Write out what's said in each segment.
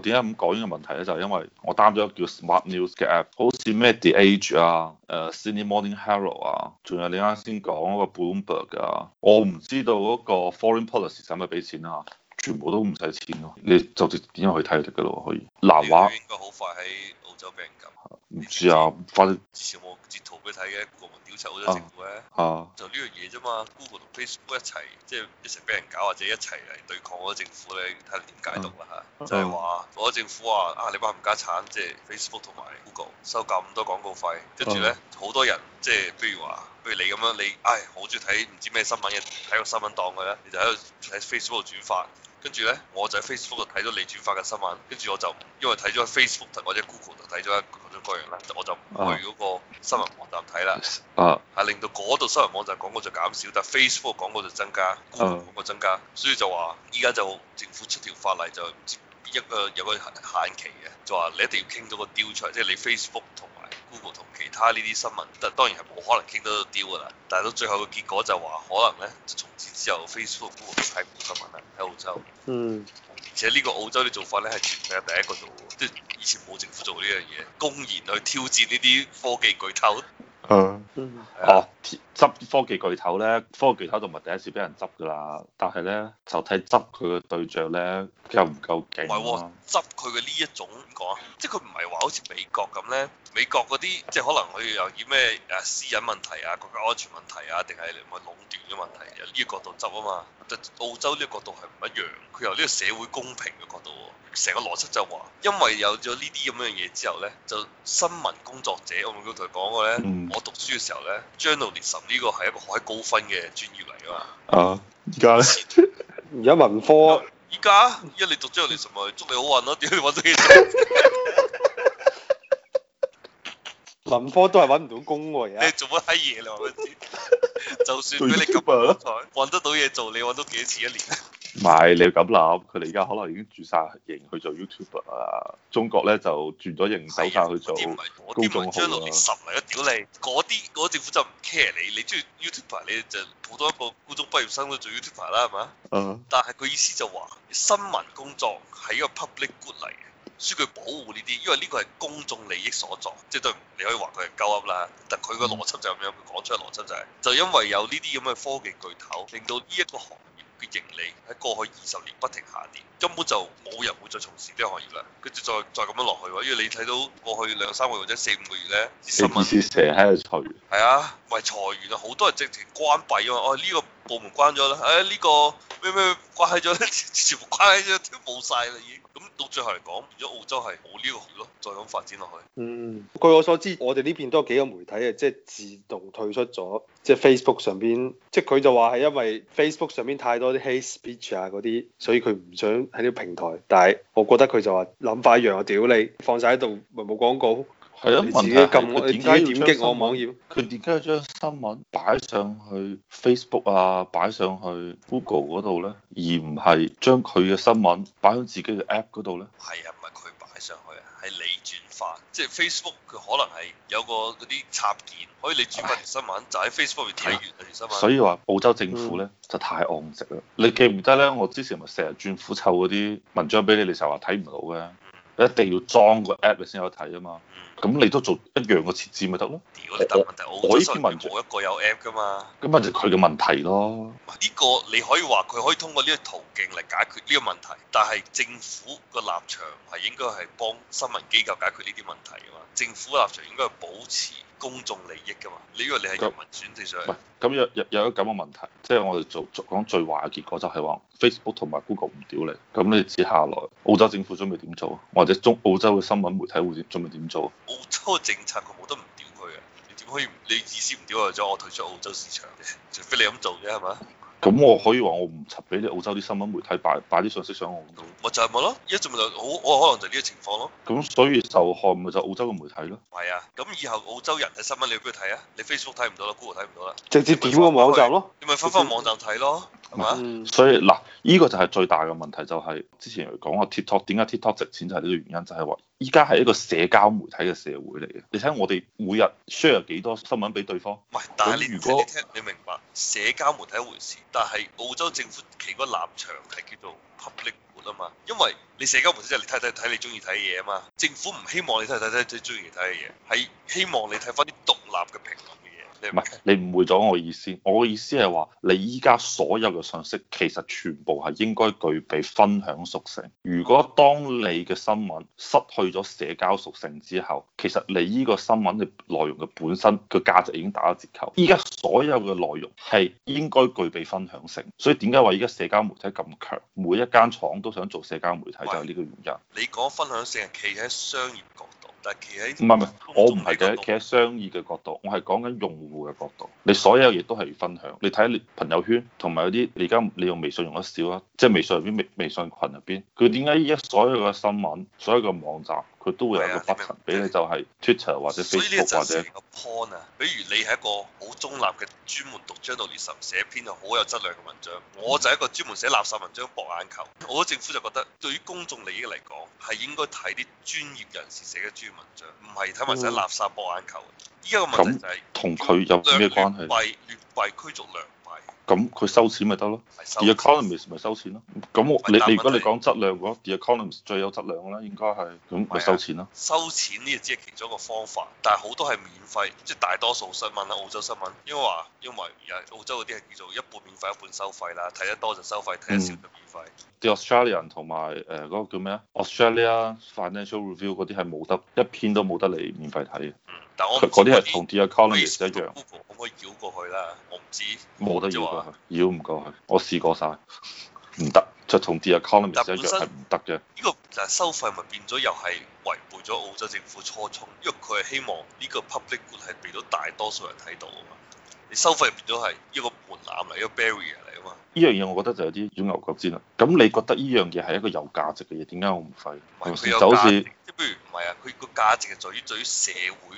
點解咁講呢個問題咧？就係、因為我擔咗一個叫 Smart News 嘅 app，好似 The Age 啊、誒、呃、Sydney Morning Herald 啊，仲有你啱先講嗰個 Bloomberg 啊，我唔知道嗰、嗰個 Foreign Policy 使唔使俾錢啊，全部都唔使錢咯、啊，你就直點樣去睇就得噶咯？可以。南華應該好快喺澳洲俾人禁。唔知啊，反正。點之前我截圖俾你睇嘅一個問題。表赤好咗政府咧，就呢樣嘢啫嘛。Google 同 Facebook 一齊，即係一齊俾人搞，或者一齊嚟對抗嗰個政府咧，睇下點解讀啦嚇。嗯嗯、就係話，嗰個政府話啊，你把冚家鏟，即係 Facebook 同埋 Google 收咁多廣告費，跟住咧好多人，即係譬如話，譬如你咁樣，你唉好鍾意睇唔知咩新聞嘅，睇個新聞檔嘅咧，你就喺度喺 Facebook 度轉發。跟住呢，我就喺 Facebook 度睇到你轉發嘅新聞，跟住我就因為睇咗 Facebook 或者 Google 度睇咗一各種各樣啦，我就唔去嗰個新聞網站睇啦。啊，係令到嗰度新聞網站廣告就減少，但 Facebook 嘅廣告就增加 Google 廣告,廣告增加，所以就話依家就政府出條法例就唔知一個有一個限期嘅，就話你一定要傾到個 deal 出嚟，即係你 Facebook 同。Google 同其他呢啲新聞，但當然係冇可能傾到個 deal 噶啦。但係到最後嘅結果就話，可能咧從此之後，Facebook Google、Google 喺澳洲問啦，喺澳洲。嗯。而且呢個澳洲啲做法咧，係全世界第一個做，即係以前冇政府做呢樣嘢，公然去挑戰呢啲科技巨頭。嗯。嗯，係。啊！執科技巨頭咧，科技巨頭就唔係第一次俾人執噶啦，但係咧就睇執佢嘅對象咧，佢又唔夠勁、啊。唔係喎，執佢嘅呢一種點講？即係佢唔係話好似美國咁咧，美國嗰啲即係可能佢有啲咩誒私隱問題啊、國家安全問題啊，定係咪壟斷嘅問題啊，呢個角度執啊嘛。澳洲呢個角度係唔一樣，佢由呢個社會公平嘅角度，成個邏輯就話，因為有咗呢啲咁樣嘢之後咧，就新聞工作者，我咪要同佢講過咧，嗯、我讀書嘅時候咧，journalism。Journal 呢個係一個好起高分嘅專業嚟啊嘛！啊、哦，而家咧，而家文科，而家，依家你讀之嚟，你咪在祝你好運咯、啊。點解你揾到嘢做？ 文科都係揾唔到工㗎而家。你做乜閪嘢你話我知？ 就算俾你揼啊，揾 得到嘢做，你揾到幾多錢一年？唔係你要咁諗，佢哋而家可能已經轉晒型去做 YouTuber 啊，中國咧就轉咗型，的走曬去做公眾號啦。我啲文章攞啲十嚟一屌你，嗰啲嗰政府就唔 care 你，你中意 YouTuber 你就普通一個高中畢業生都做 YouTuber 啦，係嘛？Uh huh. 但係佢意思就話新聞工作係一個 public good 嚟嘅，需要保護呢啲，因為呢個係公眾利益所作。即係對，你可以話佢係鳩噏啦，但佢個邏輯就咁樣，佢講、mm hmm. 出嚟嘅邏輯就係、是，就因為有呢啲咁嘅科技巨頭，令到呢一個行嘅盈利喺過去二十年不停下跌，根本就冇人會再從事呢個行業啦。跟住再再咁樣落去喎，因為你睇到過去兩三個月或者四五個月咧，成日喺度裁員。係啊，唔係裁員啊，好多人直情關閉啊嘛。哦，呢個部門關咗啦，誒、哎、呢、呢個咩咩關咗，全部關咗都冇晒啦已經，咁到最後嚟講，如果澳洲係冇呢個業咯，再咁發展落去。嗯，據我所知，我哋呢邊都有幾個媒體啊，即係自動退出咗，即係 Facebook 上邊，即係佢就話係因為 Facebook 上邊太多啲 hate speech 啊嗰啲，所以佢唔想喺呢個平台。但係我覺得佢就話諗法一樣，我屌你，放晒喺度咪冇廣告。係啊，你自己撳你點解點擊我網頁？佢點解要將新聞擺上去 Facebook 啊，擺上去 Google 嗰度咧，而唔係將佢嘅新聞擺喺自己嘅 App 嗰度咧？係啊，唔係佢擺上去啊，係你轉發。即係 Facebook 佢可能係有個嗰啲插件，可以你轉發條新聞就喺 Facebook 入面睇完條新聞。唉新聞所以話澳洲政府咧、嗯、就太惡食啦！你記唔記得咧？我之前咪成日轉腐臭嗰啲文章俾你，你就話睇唔到嘅。一定要裝個 app 你先有睇啊嘛，咁、嗯、你都做一樣嘅設置咪得咯？問題我我依邊問冇一個有 app 噶嘛？咁咪就佢嘅問題咯。呢個你可以話佢可以通過呢個途徑嚟解決呢個問題，但係政府個立場係應該係幫新聞機構解決呢啲問題啊嘛。政府立場應該係保持公眾利益㗎嘛。你以為你係人民選定上？唔咁有有有一咁嘅問題，即、就、係、是、我哋做講最壞嘅結果就係話 Facebook 同埋 Google 唔屌你，咁你接下來澳洲政府準備點做？我哋。澳洲嘅新聞媒體會點做咪點做。澳洲嘅政策佢冇得唔屌佢啊。你點可以？你意思唔屌就將我退出澳洲市場嘅。除非你咁做啫，係嘛？咁我可以話我唔插俾你澳洲啲新聞媒體擺擺啲信息上我度，咪就係咪咯？一陣咪就是、好，我可能就呢個情況咯。咁所以就看咪就澳洲嘅媒體咯。係啊，咁以後澳洲人嘅新聞你要邊度睇啊？你 Facebook 睇唔到啦，Google 睇唔到啦，直接點個網站咯。你咪翻翻網站睇咯，係嘛吧？所以嗱，呢、這個就係最大嘅問題，就係、是、之前講話 TikTok 點解 TikTok 值錢就係呢個原因，就係話。依家係一個社交媒體嘅社會嚟嘅，你睇我哋每日 share 幾多新聞俾對方。唔係，但係你如果你你聽，你明白社交媒體一回事，但係澳洲政府其嗰個立場係叫做 public good 啊嘛，因為你社交媒體即係你睇睇睇你中意睇嘅嘢啊嘛，政府唔希望你睇睇睇你最中意睇嘅嘢，係希望你睇翻啲獨立嘅評。唔係，你誤會咗我意思。我嘅意思係話，你依家所有嘅信息其實全部係應該具備分享屬性。如果當你嘅新聞失去咗社交屬性之後，其實你依個新聞嘅內容嘅本身個價值已經打咗折扣。依家所有嘅內容係應該具備分享性，所以點解話依家社交媒體咁強？每一間廠都想做社交媒體就係呢個原因。你講分享性係企喺商業局。唔係，唔係我唔係嘅，企喺商業嘅角度，我係講緊用戶嘅角度。你所有嘢都係要分享，你睇你朋友圈同埋有啲，你而家你用微信用得少啊，即係微信入邊、微微信群入邊，佢點解一所有嘅新聞、所有嘅網站？佢都會有個 function 俾你，就係 Twitter 或者 Facebook 或者 pon 啊。比如你係一個好中立嘅，專門讀 journalism 寫篇好有質量嘅文章，我就係一個專門寫垃圾文章博眼球。我政府就覺得對於公眾利益嚟講，係應該睇啲專業人士寫嘅專業文章，唔係睇埋寫垃圾博眼球。依家個問題就係同佢有咩關係？咁佢收錢咪得咯，The Economist 咪收錢咯。咁你如果你講質量嘅話，The Economist 最有質量啦，應該係，咁咪收錢咯，啊。收錢呢只係其中一個方法，但係好多係免費，即、就、係、是、大多數新聞啦，澳洲新聞，因為話因為有澳洲嗰啲係叫做一半免費一半收費啦，睇得多就收費，睇得少就免費。嗯、The Australian 同埋誒嗰個叫咩啊？Australia Financial Review 嗰啲係冇得一篇都冇得嚟免費睇嘅。嗰啲係同 Deaconomics 一樣，可唔可以繞過去咧？我唔知，冇得繞過去，繞唔過，過去。我試過晒，唔得。就同 Deaconomics 一樣係唔得嘅。呢個但係收費咪變咗又係違背咗澳洲政府初衷，因為佢係希望呢個 public good 係俾到大多數人睇到啊嘛。你收費變咗係一個門檻嚟，一個 barrier 嚟啊嘛。呢樣嘢我覺得就有啲鑽牛角尖啦。咁你覺得呢樣嘢係一個有價值嘅嘢？點解我唔費？同時就好似即係不如唔係啊？佢個價值係在於在於社會。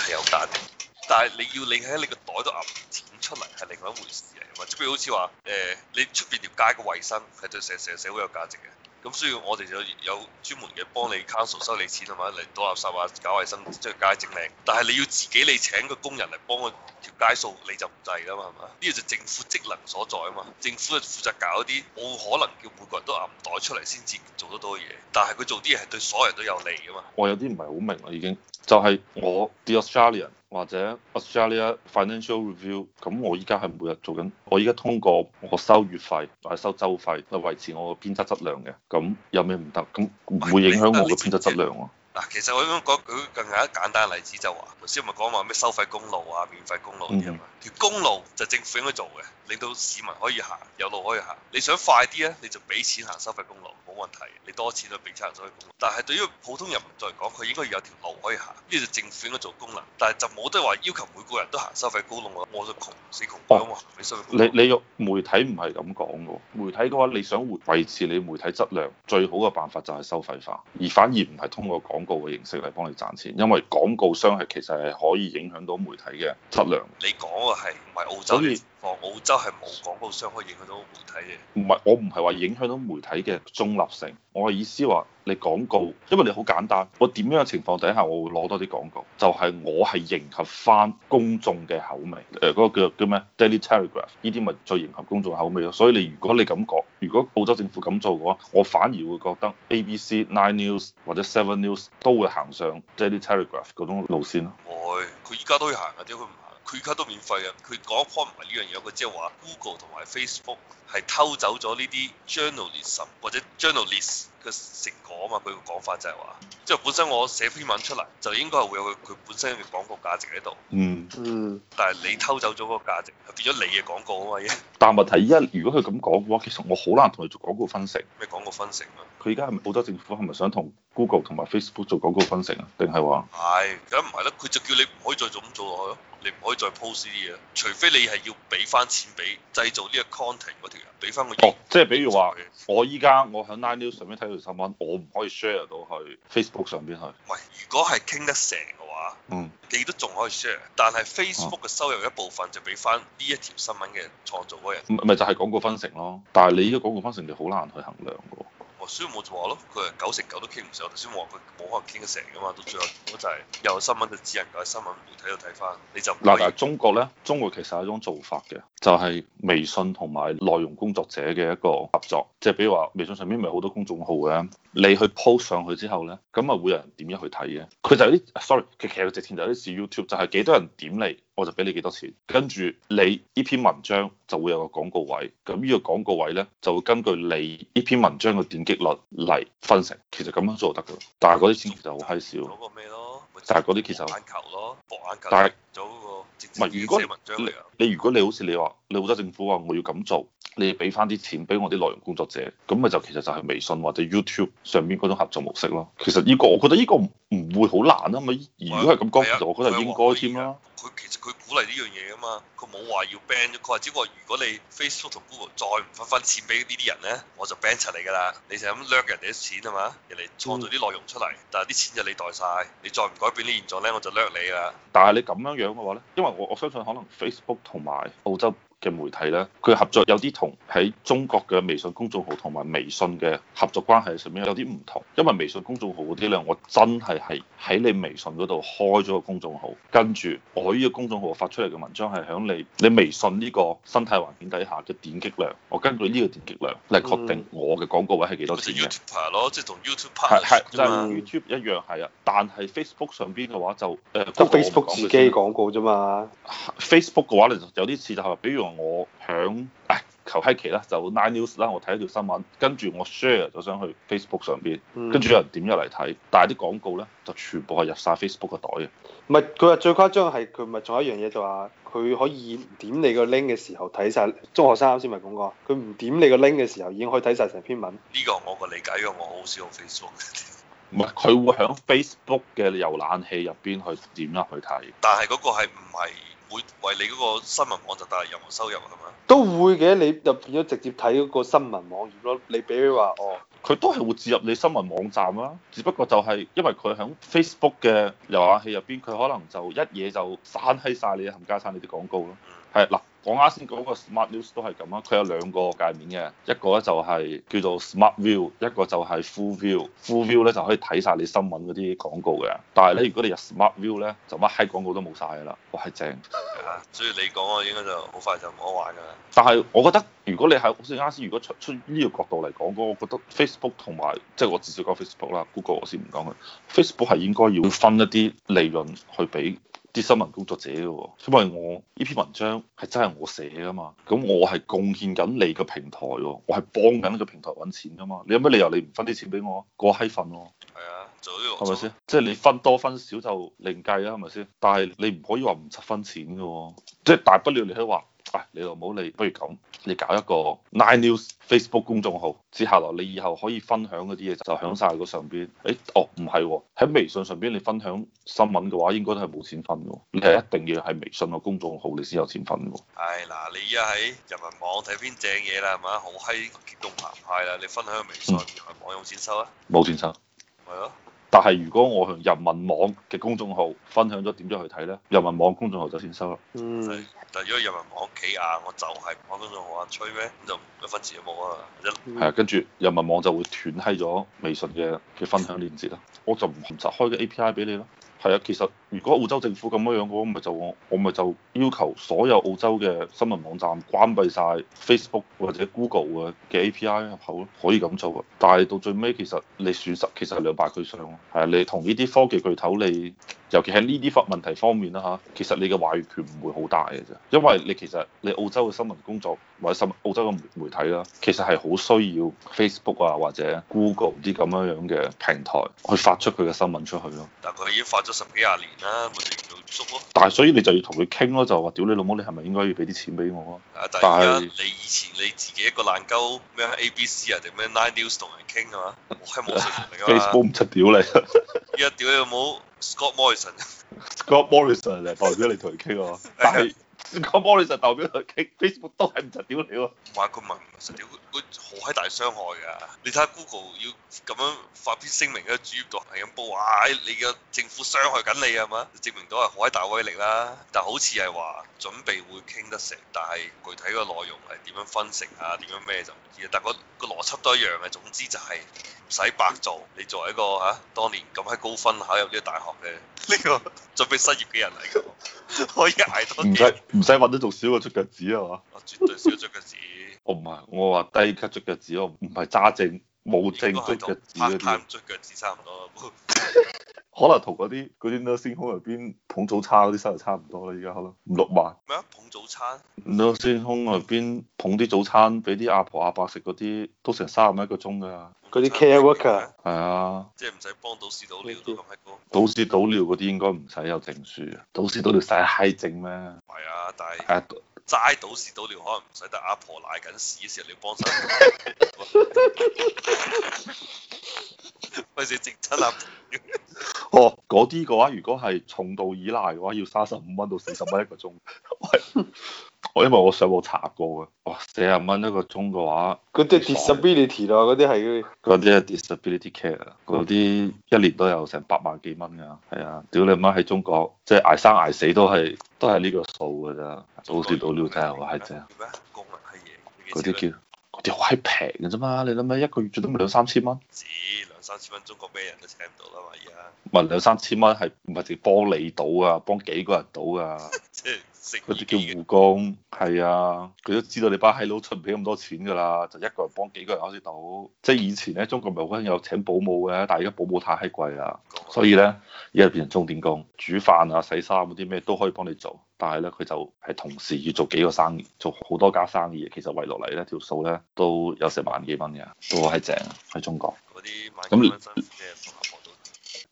係、 呃、有價值，但係你要你喺你個袋度揞錢出嚟係另外一回事嚟。啊，咁即譬如好似話誒，你出邊條街嘅衛生係對成成社會有價值嘅，咁需要我哋就有專門嘅幫你 Council 收你錢同埋嚟倒垃圾啊、搞衛生即係街整靚。但係你要自己你請個工人嚟幫佢。條街數你就唔制㗎嘛，係嘛？呢個就政府職能所在啊嘛，政府係負責搞啲冇可能叫每個人都揼袋出嚟先至做得到嘅嘢。但係佢做啲嘢係對所有人都有利噶嘛。我有啲唔係好明啦，已經就係我 The Australian 或者 Australia Financial Review，咁我依家係每日做緊，我依家通過我收月費或者收周費去維持我嘅編輯質量嘅，咁有咩唔得？咁唔會影響我嘅編輯質量喎。嗱，其實我咁講，舉更加簡單例子就話，頭先唔係講話咩收費公路啊、免費公路嘅、嗯、條公路就政府應該做嘅，令到市民可以行，有路可以行。你想快啲咧，你就俾錢行收費公路，冇問題。你多錢就俾錢行收費公路。但係對於普通人民嚟講，佢應該要有條路可以行，呢就政府應該做功能。但係就冇得話要求每個人都行收費公路，我我咁窮死窮行咪、哦、收費公你你用媒體唔係咁講嘅喎，媒體嘅話你想維持你媒體質量，最好嘅辦法就係收費化，而反而唔係通過講。廣告嘅形式嚟幫你賺錢，因為廣告商係其實係可以影響到媒體嘅質量。你講嘅係唔係澳洲？哦、澳洲係冇廣告商可以影響到媒體嘅，唔係我唔係話影響到媒體嘅中立性，我嘅意思話你廣告，因為你好簡單，我點樣嘅情況底下，我會攞多啲廣告，就係、係、我係迎合翻公眾嘅口味，誒嗰個叫做叫咩 Daily Telegraph 呢啲咪最迎合公眾口味咯，所以你如果你咁講，如果澳洲政府咁做嘅話，我反而會覺得 ABC Nine News 或者 Seven News 都會行上 Daily Telegraph 嗰種路線咯。會、哦，佢依家都要行嘅，點解唔行？佢卡都免費嘅，佢講一唔係呢樣嘢，佢只係話 Google 同埋 Facebook 係偷走咗呢啲 journalism 或者 journalists 嘅成果啊嘛。佢嘅講法就係話，即、就、係、是、本身我寫篇文出嚟就應該係會有佢佢本身嘅廣告價值喺度。嗯嗯，但係你偷走咗個價值，變咗你嘅廣告啊嘛嘢。 但係問題依如果佢咁講嘅話，其實我好難同佢做廣告分析。咩廣告分析？佢而家係咪澳洲政府係咪想同 Google 同埋 Facebook 做廣告分成啊？定係話？係，梗唔係咧，佢、哎、就叫你唔可以再做咁做落去咯。你唔可以再 post 啲嘢，除非你係要俾翻錢俾製造呢個 content 嗰條人，俾翻佢。哦，即係比如話，我依家我喺 Nine News 上面睇條新聞，我唔可以 share 到去 Facebook 上邊去。唔係，如果係傾得成嘅話，嗯，你都仲可以 share，但係 Facebook 嘅收入一部分就俾翻呢一條新聞嘅創造嗰人。咪、啊、就係、是、廣告分成咯，但係你依家廣告分成就好難去衡量。所以我就話咯，佢係九成九都傾唔上，頭先話佢冇可能傾得成噶嘛，到最後嗰就係有新聞就只能夠喺新聞媒體度睇翻，你就嗱嗱中國咧，中國其實係一種做法嘅，就係微信同埋內容工作者嘅一個合作，即係比如話微信上邊咪好多公眾號嘅，你去 post 上去之後咧，咁啊會有人點樣去睇嘅，佢就有啲 sorry，其實直情就有啲似 YouTube，就係幾多人點你。我就俾你幾多錢，跟住你呢篇文章就會有個廣告位，咁呢個廣告位咧就會根據你呢篇文章嘅點擊率嚟分成。其實咁樣做就得㗎，但係嗰啲錢其實好閪少。嗰咩咯？但係嗰啲其實眼球咯，但係做嗰個唔係如果你你如果你好似你話，你澳洲政府話、啊、我要咁做。你俾翻啲錢俾我啲內容工作者，咁咪就其實就係微信或者 YouTube 上面嗰種合作模式咯。其實呢、呢個我覺得呢個唔會好難啊。咪如果係咁講，我覺得係、哎、呀應該添啦。佢、哎、其實佢鼓勵呢樣嘢啊嘛，佢冇話要 ban，佢話只不過如果你 Facebook 同 Google 再唔分分錢俾呢啲人咧，我就 ban 柒你噶啦。你成日咁掠人哋啲錢係嘛，人哋創造啲內容出嚟，但係啲錢就你袋晒。你再唔改變啲現狀咧，我就掠你啊！但係你咁樣樣嘅話咧，因為我我相信可能 Facebook 同埋澳洲。嘅媒體咧，佢合作有啲同喺中國嘅微信公眾號同埋微信嘅合作關係上面有啲唔同，因為微信公眾號嗰啲咧，我真係係喺你微信嗰度開咗個公眾號，跟住我呢個公眾號發出嚟嘅文章係響你你微信呢個生態環境底下嘅點擊量，我根據呢個點擊量嚟確定我嘅廣告位係幾多錢咯，即係同 YouTube 係 YouTube 一樣係啊，但係 Facebook 上邊嘅話就誒 Facebook 自己廣告啫嘛。Facebook 嘅話你有啲事，就係，比如我響求其啦，就 Nine News 啦，我睇一條新聞，跟住我 share，就想去 Facebook 上邊，跟住、嗯、有人點入嚟睇，但係啲廣告咧就全部係入晒 Facebook 個袋嘅、嗯。唔係，佢話最誇張係佢，唔係仲有一樣嘢就話、是、佢可以唔點你個 link 嘅時候睇晒。中學生啱先咪講過，佢唔點你個 link 嘅時候已經可以睇晒成篇文。呢個我個理解嘅，我好少用 Facebook。唔係、嗯，佢會喺 Facebook 嘅瀏覽器入邊去點入去睇。但係嗰個係唔係？會為你嗰個新聞網站帶來任何收入係嘛？都會嘅，你入咗直接睇嗰個新聞網頁咯。你比如話哦，佢都係會置入你新聞網站啦，只不過就係因為佢喺 Facebook 嘅瀏覽器入邊，佢可能就一嘢就刪閪晒你嘅冚家鏟你啲廣告咯。係嗱。講啱先講個 Smart News 都係咁啦，佢有兩個界面嘅，一個咧就係叫做 Smart View，一個就係 Full View。Full View 咧就可以睇晒你新聞嗰啲廣告嘅，但係咧如果你入 Smart View 咧，就乜閪廣告都冇晒㗎啦！哇，正！所以你講啊，應該就好快就唔好玩噶啦。但係我覺得，如果你係好似啱先，如果出出呢個角度嚟講，我覺得 Facebook 同埋即係我至少講 Facebook 啦，Google 我先唔講佢。Facebook 係應該要分一啲利潤去俾啲新聞工作者喎，因為我呢篇文章係真係我寫噶嘛，咁我係貢獻緊你個平台喎，我係幫緊呢個平台揾錢噶嘛，你有乜理由你唔分啲錢俾我啊？過閪分咯，係啊，做呢個，係咪先？嗯、即係你分多分少就另計啊，係咪先？但係你唔可以話唔七分錢噶喎、啊，即係大不了你可以話。喂、哎，你又唔好理，不如咁，你搞一個 Nine News Facebook 公眾號，接下來你以後可以分享嗰啲嘢就響晒嗰上邊。誒、哎，哦，唔係喎，喺微信上邊你分享新聞嘅話，應該都係冇錢分嘅，你係一定要係微信個公眾號你先有錢分嘅的。唉、哎，嗱，你而家喺人民網睇邊正嘢啦，係咪？好嗨激動澎湃啦，你分享微信係網有錢收啊？冇、嗯、錢收。係咯。但係如果我向人民網嘅公眾號分享咗點樣去睇咧，人民網公眾號就先收啦。嗯。但如果人民網企硬啊，我就係公眾號啊，吹咩就一分錢都冇啊。係啊、嗯，跟住人民網就會斷閪咗微信嘅嘅分享鏈接啦。 我就唔唔查開個 API 俾你囉。係啊，其實如果澳洲政府咁樣樣嘅話，咪就我我咪就要求所有澳洲嘅新聞網站關閉晒 Facebook 或者 Google 嘅 API 入口咯，可以咁做啊。但係到最尾其實你損失其實兩敗俱傷咯，係啊，你同呢啲科技巨頭你，尤其係呢啲發問題方面啦嚇，其實你嘅話語權唔會好大嘅啫，因為你其實你澳洲嘅新聞工作或者新澳洲嘅媒體啦，其實係好需要 Facebook 啊或者 Google 啲咁樣樣嘅平台去發出佢嘅新聞出去咯。但佢已經發。十幾廿年啦，咪住做住咯。但係所以你就要同佢傾咯，就話屌 你老母，你係咪應該要俾啲錢俾我啊？但係是你以前你自己一個爛鳩咩 A B C 啊定咩 Nine News 同人傾啊嘛？係無線同你嘛？Facebook 唔出屌你。依家屌你老母 Scott Morrison，Scott Morrison 嚟 Morrison，代表你同佢傾啊嘛？講波你斯代表佢傾 Facebook 都係唔得了，啊。你喎，唔係佢唔係唔實了。佢，好閪大傷害噶。你睇下 Google 要咁樣發篇聲明喺主頁度係咁報，哇！你嘅政府傷害緊你啊嘛，證明到係好閪大威力啦。但好似係話準備會傾得成，但係具體個內容係點樣分成啊，點樣咩就唔知。但係個個邏輯都一樣嘅，總之就係唔使白做。你作為一個吓、啊、當年咁喺高分考入呢個大學嘅呢、 這個準備失業嘅人嚟嘅，這個， 可以挨多幾年。唔使揾都仲少個出腳趾啊嘛！絕對少出腳趾， 趾。我唔係我話低級出腳趾，我唔係揸正冇正捉腳趾嗰啲。 出腳趾差唔多。 可能同嗰啲嗰啲咧，星空入邊捧早餐嗰啲收入差唔多啦，而家可能五六萬，咩啊？捧早餐？嗰啲星空入邊捧啲早餐，俾啲阿婆阿伯食嗰啲，都成三十蚊一個鐘㗎。嗰啲 care worker。係啊。即係唔使幫倒屎倒尿嗰啲咁閪高。倒屎倒尿嗰啲應該唔使有證書啊？倒屎倒尿使閪證咩？係啊，但係齋啊，齋倒屎倒尿可能唔使，得阿婆瀨緊屎嘅時候，你幫手。費事整七粒。哦，嗰啲嘅話，如果係重度依賴嘅話，要三十五蚊到四十蚊一個鐘。我因為我上網查過嘅，哇、哦，四十蚊一個鐘嘅話，嗰啲 disability 啊，嗰啲係嗰啲，嗰啲係 disability care 啊，嗰啲一年都有成百萬幾蚊噶。係啊，屌你媽喺中國，即係挨生挨死都係都係呢個數噶咋。早知道料，真睇下話係正。嗰啲叫，嗰啲好閪平嘅啫嘛！你諗下，一個月最多咪兩三千蚊。三千蚊，中國咩人都請唔到啦嘛，而家，唔係兩三千蚊係唔係淨幫你賭㗎，幫幾個人賭㗎？ 嗰啲叫護工，係啊，佢都知道你班閪佬出唔起咁多錢㗎啦，就一個人幫幾個人開始倒，即係以前咧，中國唔係好興有請保姆嘅，但係而家保姆太閪貴啦，所以咧，而家變成鐘點工，煮飯啊、洗衫嗰啲咩都可以幫你做，但係咧，佢就係同時要做幾個生意，做好多家生意，其實圍落嚟咧條數咧都有成萬幾蚊嘅，都係正喺中國。咁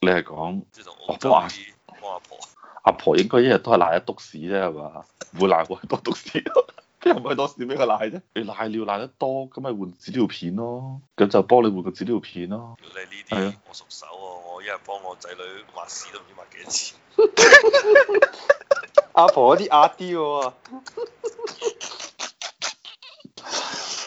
你係講我都話。阿婆應該一日都係賴一督屎啫，係嘛？會賴換多督屎咯，邊有咁多屎俾佢賴啫？你賴尿賴得多，咁咪換紙尿片咯？咁就幫你換個紙尿片咯。你呢啲的我熟手，啊，我一日幫我仔女抹屎都唔知抹幾多次。阿 婆嗰啲硬啲嘅，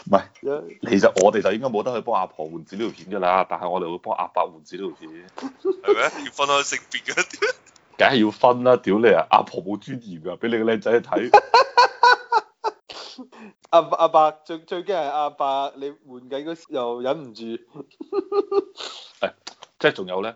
唔 係，其實我哋就應該冇得去幫阿婆換紙尿片噶啦，但係我哋會幫阿伯換紙尿片，係咪？ 要分開性別啲。 梗係要分啦！屌你啊， 阿婆冇尊嚴噶。俾你個靚仔去睇。阿阿伯最最驚係阿伯你換緊嗰時又忍唔住。誒，即係仲有咧。